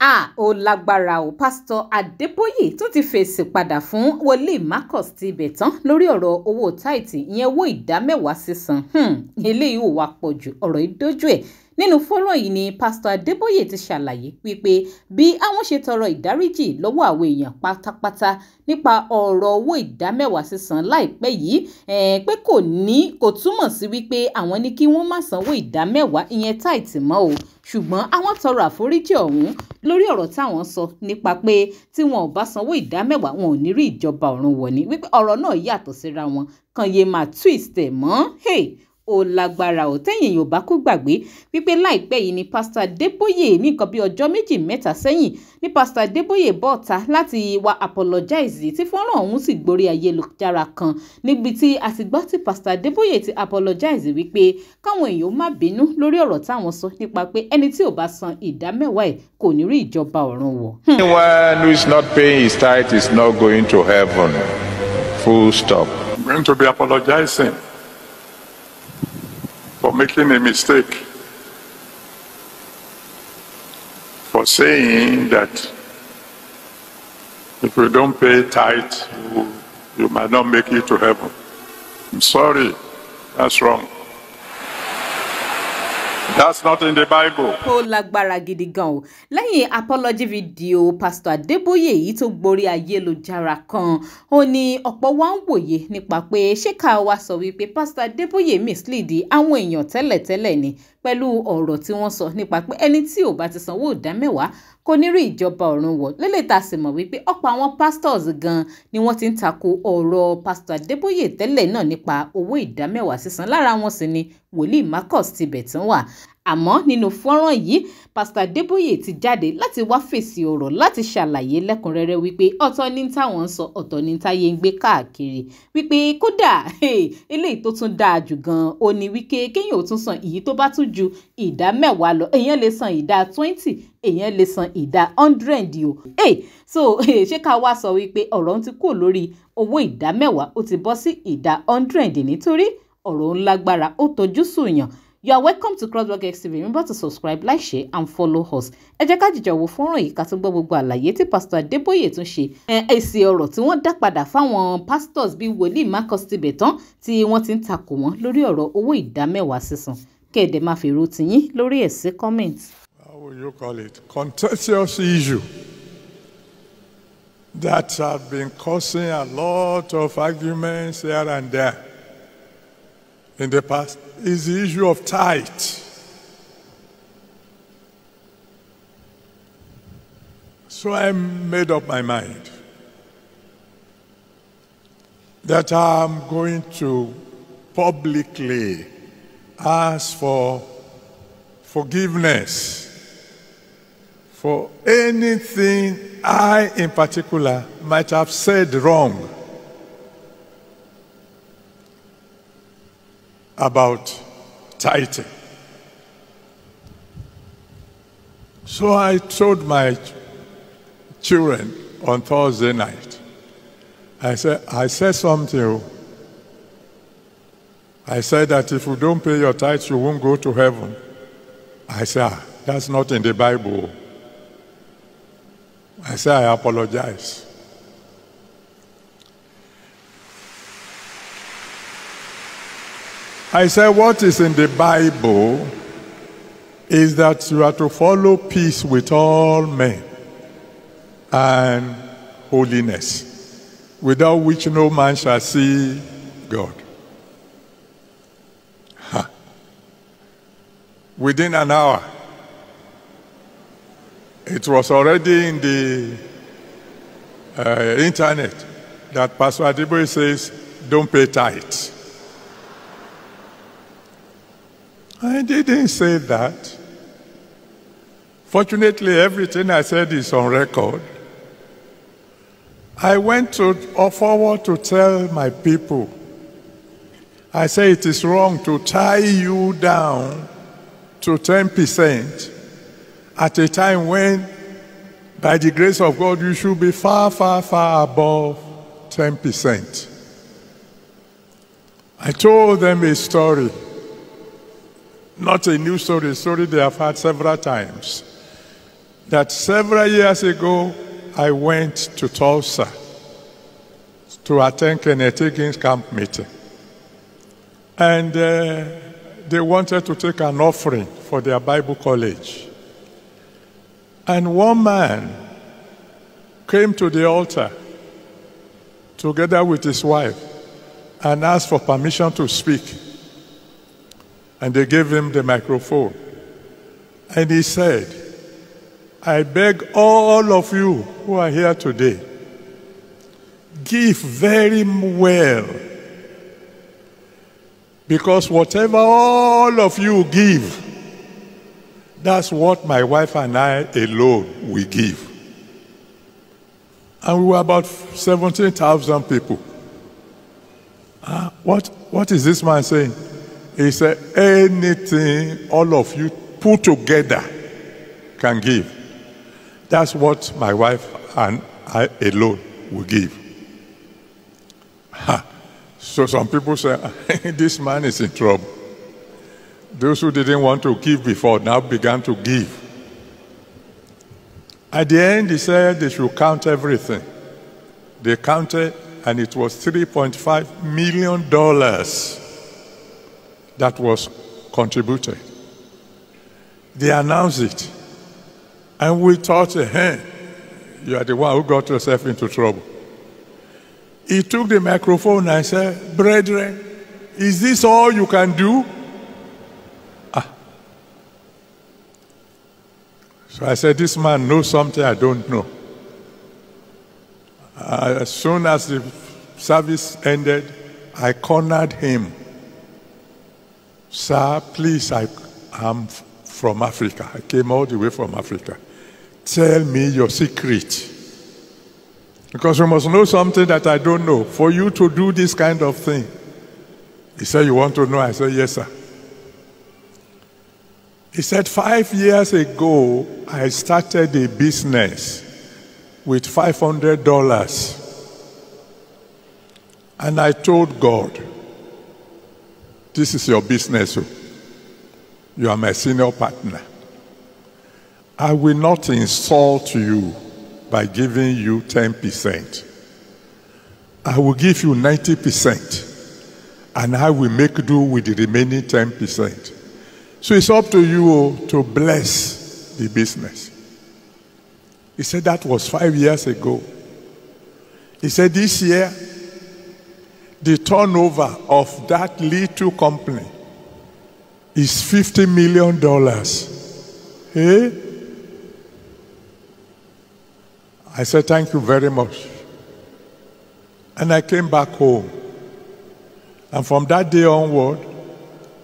ah ó lágbára o pásítọ̀ Adébóyè tún ti fèsì padà fún wòlíì Marcus ti ibẹ̀ tán lórí ọ̀rọ̀ owó táìtì ìyẹn owó ìdá mẹ́wàá sísan hmm, eléyìí ò wá pọ̀ jù ọ̀rọ̀ ìdójú ẹ̀ nínú fọ́nrán yìí ni pásítọ̀ adébóyè ti ṣàlàyé wípé bí àwọn ṣe tọrọ ìdáríjì lọ́wọ́ àwọn èèyàn pátápátá nípa ọ̀rọ̀ owó ìdámẹ́wàá sísan láìpẹ́ yìí eh, pé kò ní kò túmọ̀ sí wípé àwọn ní kí wọ́n má sanwó ìdámẹ́wàá ìyẹn táìtì mọ́ o ṣùgbọ́n àwọn tọrọ àforíjì ọ̀hún lórí ọ̀rọ̀ táwọn sọ nípa pé tí wọn ò bá sanwó ìdámẹ́wàá wọn ò ní rí ìjọba ọ̀run wọ̀ ní wípé ọ̀rọ̀ náà yàtọ̀ síra wọn kàn yé máa twist ẹ̀ mọ́ ó lágbára ò tẹ́yìn èèyàn kó gbàgbé wípé láìpẹ́ yìí ni pásítọ̀ Adébóyè ní nǹkan bí ọjọ́ méjì mẹ́ta sẹ́yìn ní pásítọ̀ Adébóyè bọ́ ọ̀ta láti wá apologize tí fọ́nrán ọ̀hún sì gborí ayélujára kan níbi tí a ti gbọ́ tí pásítọ̀ Adébóyè ti apologize wípé káwọn èèyàn má bínú lórí ọ̀rọ̀ táwọn sọ nípa pé ẹni tí ò bá san ìdá mẹ́wàá ẹ̀ kò ní rí ìjọba ọ̀run wọ̀. Hmm. Anyone who is not paying his tithe is not going to heaven. Full stop. I'm going to be apologizing. for making a mistake, for saying that if you don't pay tithe, you, you might not make it to heaven. I'm sorry, that's wrong. That's not in the Bible. Ó lágbára gidi gan o. Lẹ́yìn apology video Pastor Adébóyè èyí tó gborí ayélujára kan, ó ní ọ̀pọ̀ wa ń wòye nípa pé ṣé ká wa sọ wípé Pastor Adébóyè mislead àwọn èèyàn tẹ́lẹ̀tẹ́lẹ̀ ni pẹ̀lú ọ̀rọ̀ tí wọ́n sọ nípa pé ẹni tí ò bá ti sanwó ìdámẹ́wàá kò ní rí ìjọba ọ̀run wọ̀ lélẹ̀ sì mọ̀ wípé ọ̀pọ̀ àwọn pastors gan ni wọ́n ti ń tako ọ̀rọ̀ Pastor Adébóyè tẹ́lẹ̀ náà nípa owó ìdámẹ́wàá sísan lára wọn sì ni wòlíì Marcus tibẹ̀ tán wà àmọ́ nínú fọ́nrán yìí pásítọ̀ Adébóyè ti jáde láti wá fèsì ọ̀rọ̀ láti ṣàlàyé lẹ́kùnrẹ́rẹ́ wípé ọ̀tọ̀ ní táwọn ń sọ ọ̀tọ̀ ní táyé ń gbé káàkiri wípé kódà eléyìí tó tún dáa jù gan-an ó ní wípé kéèyàn ò tún san èyí tó bá tún ju ìdá mẹ́wàá lọ èèyàn lè san ìdá twenty èèyàn lè san ìdá hundred o hey, so ṣé ká wá sọ wípé ọ̀rọ̀ ń ti kúrò lórí owó ìdá mẹ́wàá ó ti bọ́ sí ìdá hundred nítorí ọ̀rọ̀ ń you are welcome to crossblog xtv remember to subscribe like share and follow us ẹ jẹ́ ká jìjọ wo fọ́nrán yìí ká tún gbọ́ gbogbo àlàyé tí pásítọ̀ adébóyè tún ṣe èsì ọ̀rọ̀ tí wọ́n dá padà fáwọn pastors bíi wòlíì marcus tibetan tí wọ́n ti ń takò wọ́n lórí ọ̀rọ̀ owó ìdámẹ́wàá sísan kẹ̀dẹ̀ máa fèrò tiyín lórí ẹ̀ comment. how will you call it contentious issue that have been causing a lot of arguments here and there. in the past is the issue of tithe. So I made up my mind that I'm going to publicly ask for forgiveness for anything I, in particular, might have said wrong about tithing. So I told my children on Thursday night, I said, I said something. Oh. I said that if you don't pay your tithes, you won't go to heaven. I said, ah, that's not in the Bible. Oh. I said, I apologize. I said, what is in the Bible is that you are to follow peace with all men and holiness, without which no man shall see God. Within an hour, it was already in the uh, internet that Pastor Adiboy says, don't pay tithe. I didn't say that. Fortunately, everything I said is on record. I went to, forward to tell my people, I say it is wrong to tie you down to 10% at a time when, by the grace of God, you should be far, far, far above 10%. I told them a story not a new story, a story they have had several times. That several years ago, I went to Tulsa to attend Kenneth Higgins camp meeting. And uh, they wanted to take an offering for their Bible college. And one man came to the altar together with his wife and asked for permission to speak and they gave him the microphone. And he said, I beg all of you who are here today, give very well. Because whatever all of you give, that's what my wife and I alone we give. And we were about 17,000 people. Uh, what, what is this man saying? He said, anything all of you put together can give. That's what my wife and I alone will give. Ha. So some people say, this man is in trouble. Those who didn't want to give before now began to give. At the end, he said they should count everything. They counted, and it was $3.5 million that was contributed. They announced it. And we thought, hey, you are the one who got yourself into trouble. He took the microphone and said, Brethren, is this all you can do? Ah. So I said, This man knows something I don't know. As soon as the service ended, I cornered him Sir, please, I am from Africa. I came all the way from Africa. Tell me your secret. Because you must know something that I don't know for you to do this kind of thing. He said, You want to know? I said, Yes, sir. He said, Five years ago, I started a business with $500. And I told God, this is your business. Oh. You are my senior partner. I will not insult you by giving you 10%. I will give you 90%, and I will make do with the remaining 10%. So it's up to you oh, to bless the business. He said that was five years ago. He said this year, the turnover of that little company is $50 million. Hey? Eh? I said, Thank you very much. And I came back home. And from that day onward,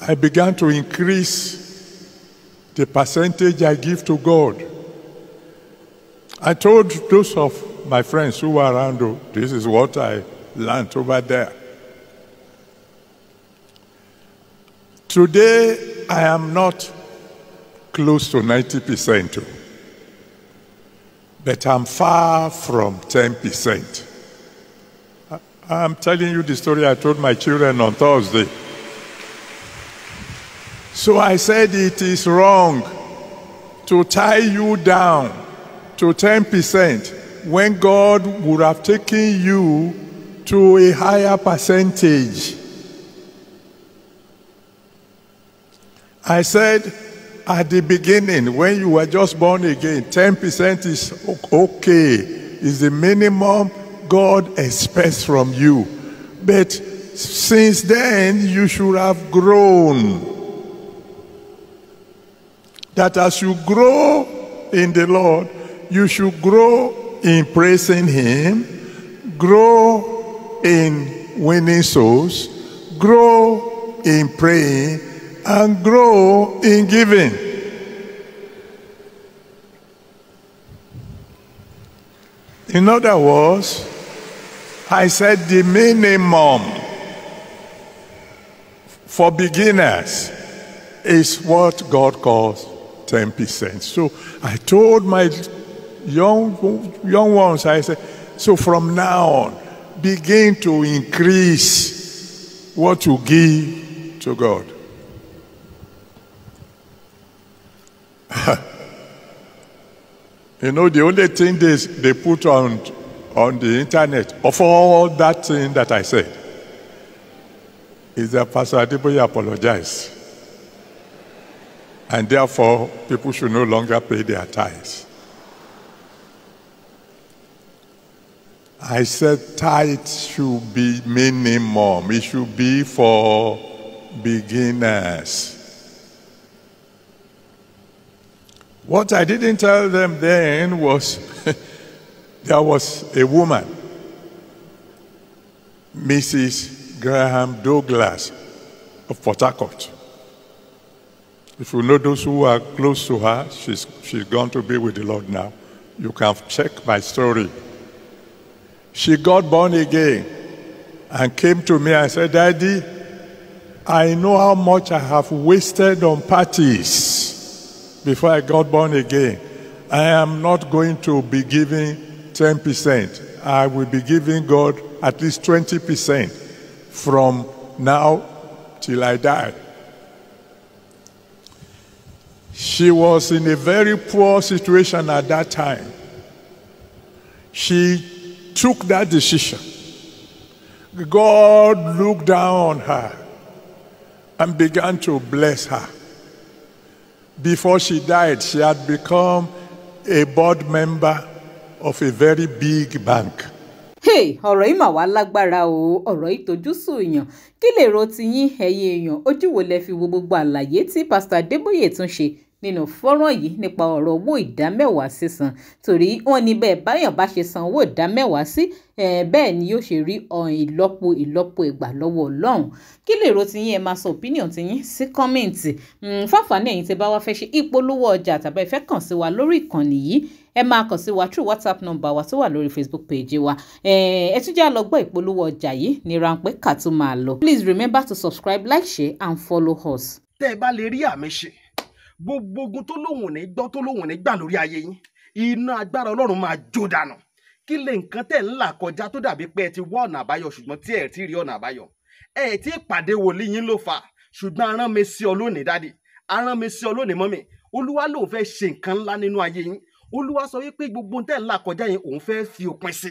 I began to increase the percentage I give to God. I told those of my friends who were around, oh, this is what I learned over there. Today, I am not close to 90%, but I'm far from 10%. I'm telling you the story I told my children on Thursday. So I said it is wrong to tie you down to 10% when God would have taken you to a higher percentage. I said at the beginning, when you were just born again, 10% is okay, is the minimum God expects from you. But since then, you should have grown. That as you grow in the Lord, you should grow in praising Him, grow in winning souls, grow in praying, and grow in giving. In other words, I said the minimum for beginners is what God calls 10%. So I told my young, young ones, I said, so from now on, begin to increase what you give to God. you know, the only thing they, they put on, on the internet, of all that thing that I said, is that Pastor Adeboye apologized. And therefore, people should no longer pay their tithes. I said tithe should be minimum. It should be for beginners. What I didn't tell them then was there was a woman, Mrs. Graham Douglas of Port Harcourt. If you know those who are close to her, she's, she's gone to be with the Lord now. You can check my story. She got born again and came to me and said, Daddy, I know how much I have wasted on parties before I got born again. I am not going to be giving 10%. I will be giving God at least 20% from now till I die. She was in a very poor situation at that time. She took that decision. God looked down on her and began to bless her. Before she died, she had become a board member of a very big bank. Hey, ọ̀rọ̀ yìí mà wá lágbára o ọ̀rọ̀ yìí tójú sùn èèyàn kí lèrò tiyín ẹ̀yin èèyàn ojú wo lẹ fi wo gbogbo àlàyé tí pásítọ̀ Adébóyè tún ṣe nínú fọ́nrán yìí nípa ọ̀rọ̀ owó ìdámẹ́wàá sísan torí wọ́n ní bẹ́ẹ̀ báyàn bá ṣe san owó ìdámẹ́wàá sí bẹ́ẹ̀ ni yóò ṣe rí ìlọ́po ìlọ́po ìgbà lọ́wọ́ ọlọ́run kí lèrò ti yín ẹ máa sọ opinion ti yín sí kọ́mẹ̀ǹtì hmm, fáfàánì ẹ̀yin tẹ́ bá wá fẹ́ ṣe ìpolówó ọjà tàbí ẹ fẹ́ kàn sí wa lórí ìkànnì yìí ẹ máa kàn sí wa through whatsapp number wa tó wà lórí facebook page wa ẹ tún jẹ́ á lọ gbọ́ ìpolówó ọjà yìí ní ráńpẹ́ ká tó máa lọ please remember to subscribe like share and follow us. tẹ́ ẹ bá lè rí àmì ṣe gbogbo ogun tó lóun ò ní gbọ́ tó lóun ò ní gbà lórí ayé yín iná agbára ọlọ́run máa jó dànù kí lè nǹkan tẹ̀ ń là kọjá tó dàbí pé ẹ ti wá ọ̀nà àbáyọ ṣùgbọ́n tí ẹ ti rí ọ̀nà àbáyọ ẹ ti pàdé wòlíì yín ló fà ṣùgbọ́n arán mi sí ọ lónìí dádì arán mi sí ọ lónìí mọ́mì olúwa lòun fẹ́ ṣe nǹkan ńlá nínú ayé yín olúwa sọ wípé gbogbo tẹ̀ ń là kọjá yẹn òun fẹ́ fi òpin sí